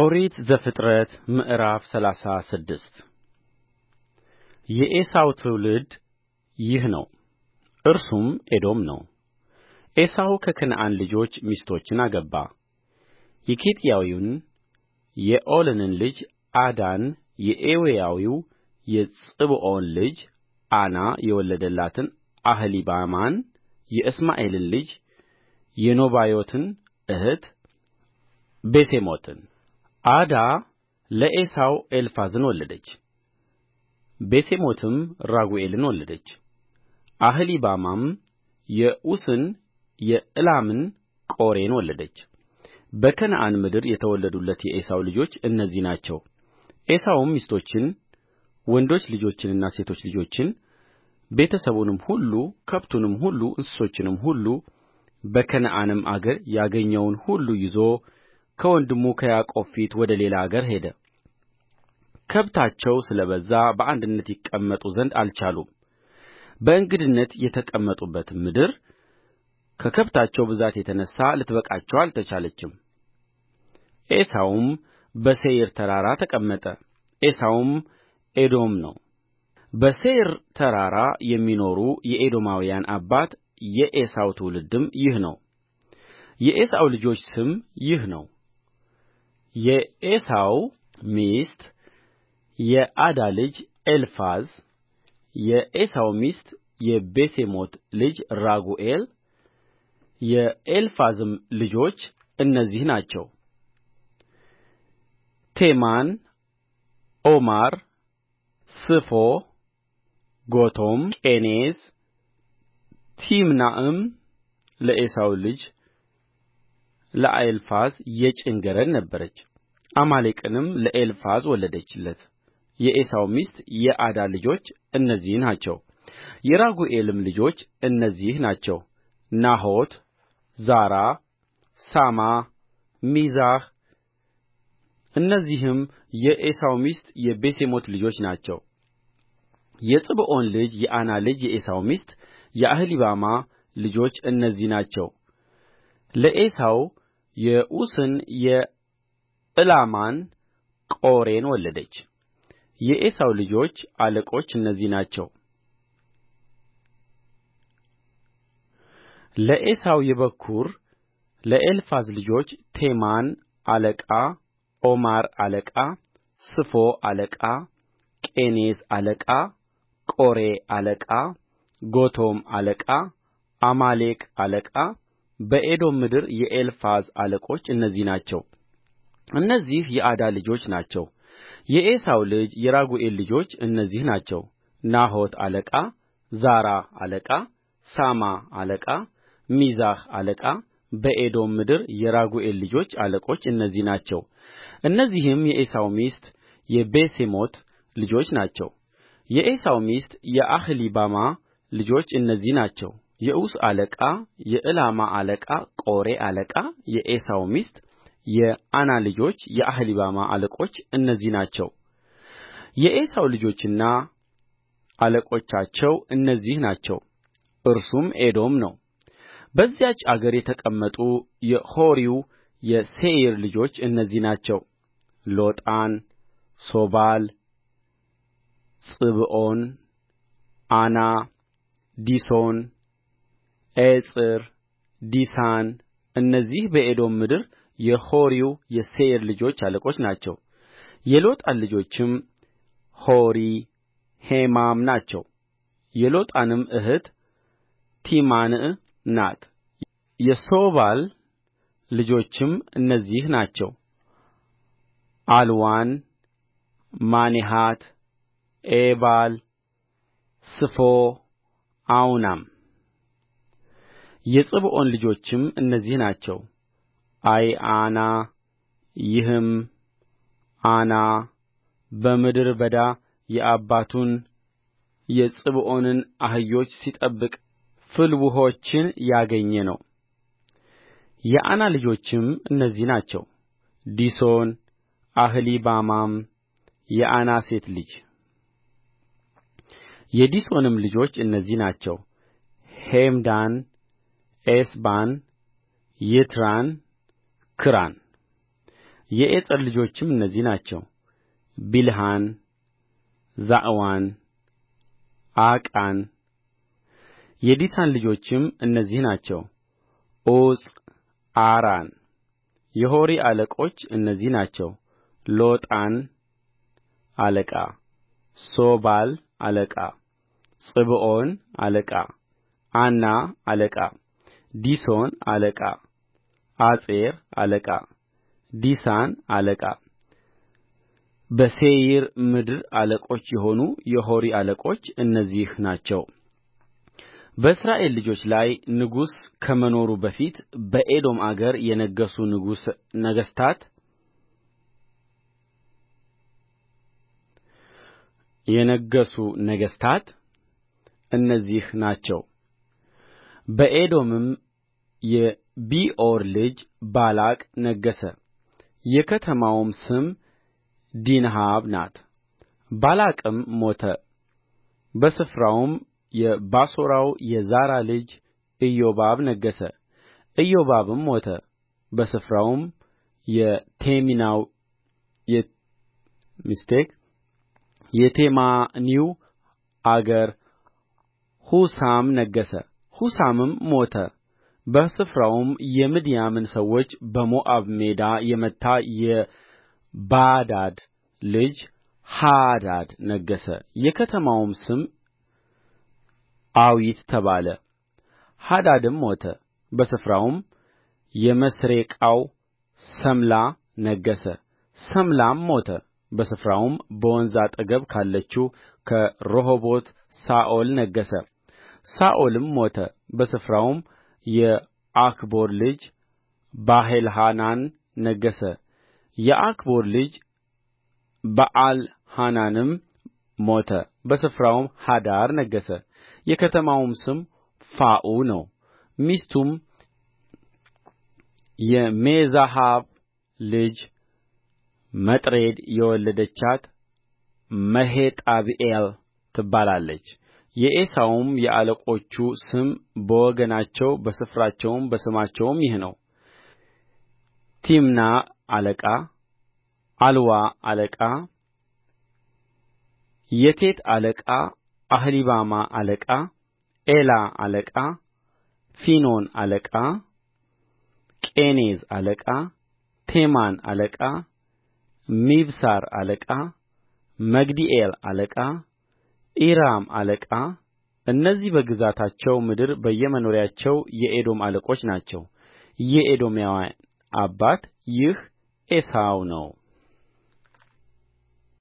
ኦሪት ዘፍጥረት ምዕራፍ ሰላሳ ስድስት የዔሳው ትውልድ ይህ ነው፣ እርሱም ኤዶም ነው። ዔሳው ከከነዓን ልጆች ሚስቶችን አገባ። የኬጢያዊውን የዔሎንን ልጅ አዳን፣ የኤዊያዊው የፅብዖን ልጅ ዓና የወለደላትን አህሊባማን፣ የእስማኤልን ልጅ የኖባዮትን እህት ቤሴሞትን ዓዳ ለዔሳው ኤልፋዝን ወለደች ቤሴሞትም ራጉኤልን ወለደች አህሊባማም የዑስን የዕላምን ቆሬን ወለደች በከነዓን ምድር የተወለዱለት የዔሳው ልጆች እነዚህ ናቸው ዔሳውም ሚስቶችን ወንዶች ልጆችንና ሴቶች ልጆችን ቤተሰቡንም ሁሉ ከብቱንም ሁሉ እንስሶቹንም ሁሉ በከነዓንም አገር ያገኘውን ሁሉ ይዞ ከወንድሙ ከያዕቆብ ፊት ወደ ሌላ አገር ሄደ ከብታቸው ስለ በዛ በአንድነት ይቀመጡ ዘንድ አልቻሉም በእንግድነት የተቀመጡበት ምድር ከከብታቸው ብዛት የተነሣ ልትበቃቸው አልቻለችም ዔሳውም በሴይር ተራራ ተቀመጠ ዔሳውም ኤዶም ነው በሴይር ተራራ የሚኖሩ የኤዶማውያን አባት የዔሳው ትውልድም ይህ ነው የዔሳው ልጆች ስም ይህ ነው የዔሳው ሚስት የዓዳ ልጅ ኤልፋዝ የዔሳው ሚስት የቤሴሞት ልጅ ራጉኤል የኤልፋዝም ልጆች እነዚህ ናቸው ቴማን ኦማር ስፎ ጎቶም ቄኔዝ ቲምናዕም ለዔሳው ልጅ ለኤልፋዝ የጭን ገረድ ነበረች አማሌቅንም ለኤልፋዝ ወለደችለት የዔሳው ሚስት የዓዳ ልጆች እነዚህ ናቸው የራጉኤልም ልጆች እነዚህ ናቸው ናሖት ዛራ ሣማ ሚዛህ እነዚህም የዔሳው ሚስት የቤሴሞት ልጆች ናቸው የፅብዖን ልጅ የዓና ልጅ የዔሳው ሚስት የአህሊባማ ልጆች እነዚህ ናቸው ለዔሳው የዑስን የዕላማን ቆሬን ወለደች የዔሳው ልጆች አለቆች እነዚህ ናቸው ለዔሳው የበኵር ለኤልፋዝ ልጆች ቴማን አለቃ ኦማር አለቃ ስፎ አለቃ ቄኔዝ አለቃ ቆሬ አለቃ ጎቶም አለቃ አማሌቅ አለቃ በኤዶም ምድር የኤልፋዝ አለቆች እነዚህ ናቸው እነዚህ የዓዳ ልጆች ናቸው የዔሳው ልጅ የራጉኤል ልጆች እነዚህ ናቸው ናሖት አለቃ ዛራ አለቃ ሣማ አለቃ ሚዛህ አለቃ በኤዶም ምድር የራጉኤል ልጆች አለቆች እነዚህ ናቸው እነዚህም የዔሳው ሚስት የቤሴሞት ልጆች ናቸው የዔሳው ሚስት የአህሊባማ ልጆች እነዚህ ናቸው የዑስ አለቃ የዕላማ አለቃ ቆሬ አለቃ የዔሳው ሚስት የዓና ልጆች የአህሊባማ አለቆች እነዚህ ናቸው የዔሳው ልጆችና አለቆቻቸው እነዚህ ናቸው እርሱም ኤዶም ነው በዚያች አገር የተቀመጡ የሖሪው የሴይር ልጆች እነዚህ ናቸው ሎጣን ሦባል ፅብዖን ዓና ዲሶን ኤጽር ዲሳን እነዚህ በኤዶም ምድር የሖሪው የሴይር ልጆች አለቆች ናቸው የሎጣን ልጆችም ሖሪ ሄማም ናቸው የሎጣንም እኅት ቲምናዕ ናት የሦባል ልጆችም እነዚህ ናቸው ዓልዋን ማኔሐት ዔባል ስፎ አውናም የፅብዖን ልጆችም እነዚህ ናቸው አይዓና ይህም ዓና በምድረ በዳ የአባቱን የፅብዖንን አህዮች ሲጠብቅ ፍልውኆችን ያገኘ ነው የዓና ልጆችም እነዚህ ናቸው ዲሶን አህሊባማም የዓና ሴት ልጅ የዲሶንም ልጆች እነዚህ ናቸው ሔምዳን ኤስባን ይትራን ክራን የኤጽር ልጆችም እነዚህ ናቸው ቢልሐን ዛዕዋን ዓቃን የዲሳን ልጆችም እነዚህ ናቸው ዑፅ አራን የሖሪ አለቆች እነዚህ ናቸው ሎጣን አለቃ ሦባል አለቃ ጽብዖን አለቃ ዓና አለቃ ዲሶን አለቃ አጼር አለቃ ዲሳን አለቃ በሴይር ምድር አለቆች የሆኑ የሖሪ አለቆች እነዚህ ናቸው በእስራኤል ልጆች ላይ ንጉሥ ከመኖሩ በፊት በኤዶም አገር የነገሡ ነገሥታት የነገሡ ነገሥታት እነዚህ ናቸው በኤዶምም የቢዖር ልጅ ባላቅ ነገሠ የከተማውም ስም ዲንሃባ ናት ባላቅም ሞተ በስፍራውም የባሶራው የዛራ ልጅ ኢዮባብ ነገሠ ኢዮባብም ሞተ በስፍራውም የቴማኒው አገር ሑሳም ነገሠ ሑሳምም ሞተ በስፍራውም የምድያምን ሰዎች በሞዓብ ሜዳ የመታ የባዳድ ልጅ ሃዳድ ነገሠ የከተማውም ስም ዓዊት ተባለ ሃዳድም ሞተ በስፍራውም የመስሬቃው ሠምላ ነገሠ ሠምላም ሞተ በስፍራውም በወንዝ አጠገብ ካለችው ከረሆቦት ሳኦል ነገሠ ሳኦልም ሞተ በስፍራውም የዓክቦር ልጅ በኣልሐናን ነገሠ የዓክቦር ልጅ በኣልሐናንም ሞተ በስፍራውም ሃዳር ነገሠ የከተማውም ስም ፋዑ ነው ሚስቱም የሜዛሃብ ልጅ መጥሬድ የወለደቻት መሄጣብኤል ትባላለች የዔሳውም የአለቆቹ ስም በወገናቸው በስፍራቸውም በስማቸውም ይህ ነው ቲምና አለቃ ዓልዋ አለቃ የቴት አለቃ አህሊባማ አለቃ ኤላ አለቃ ፊኖን አለቃ ቄኔዝ አለቃ ቴማን አለቃ ሚብሳር አለቃ መግዲኤል አለቃ ዒራም አለቃ እነዚህ በግዛታቸው ምድር በየመኖሪያቸው የኤዶም አለቆች ናቸው የኤዶማውያን አባት ይህ ዔሳው ነው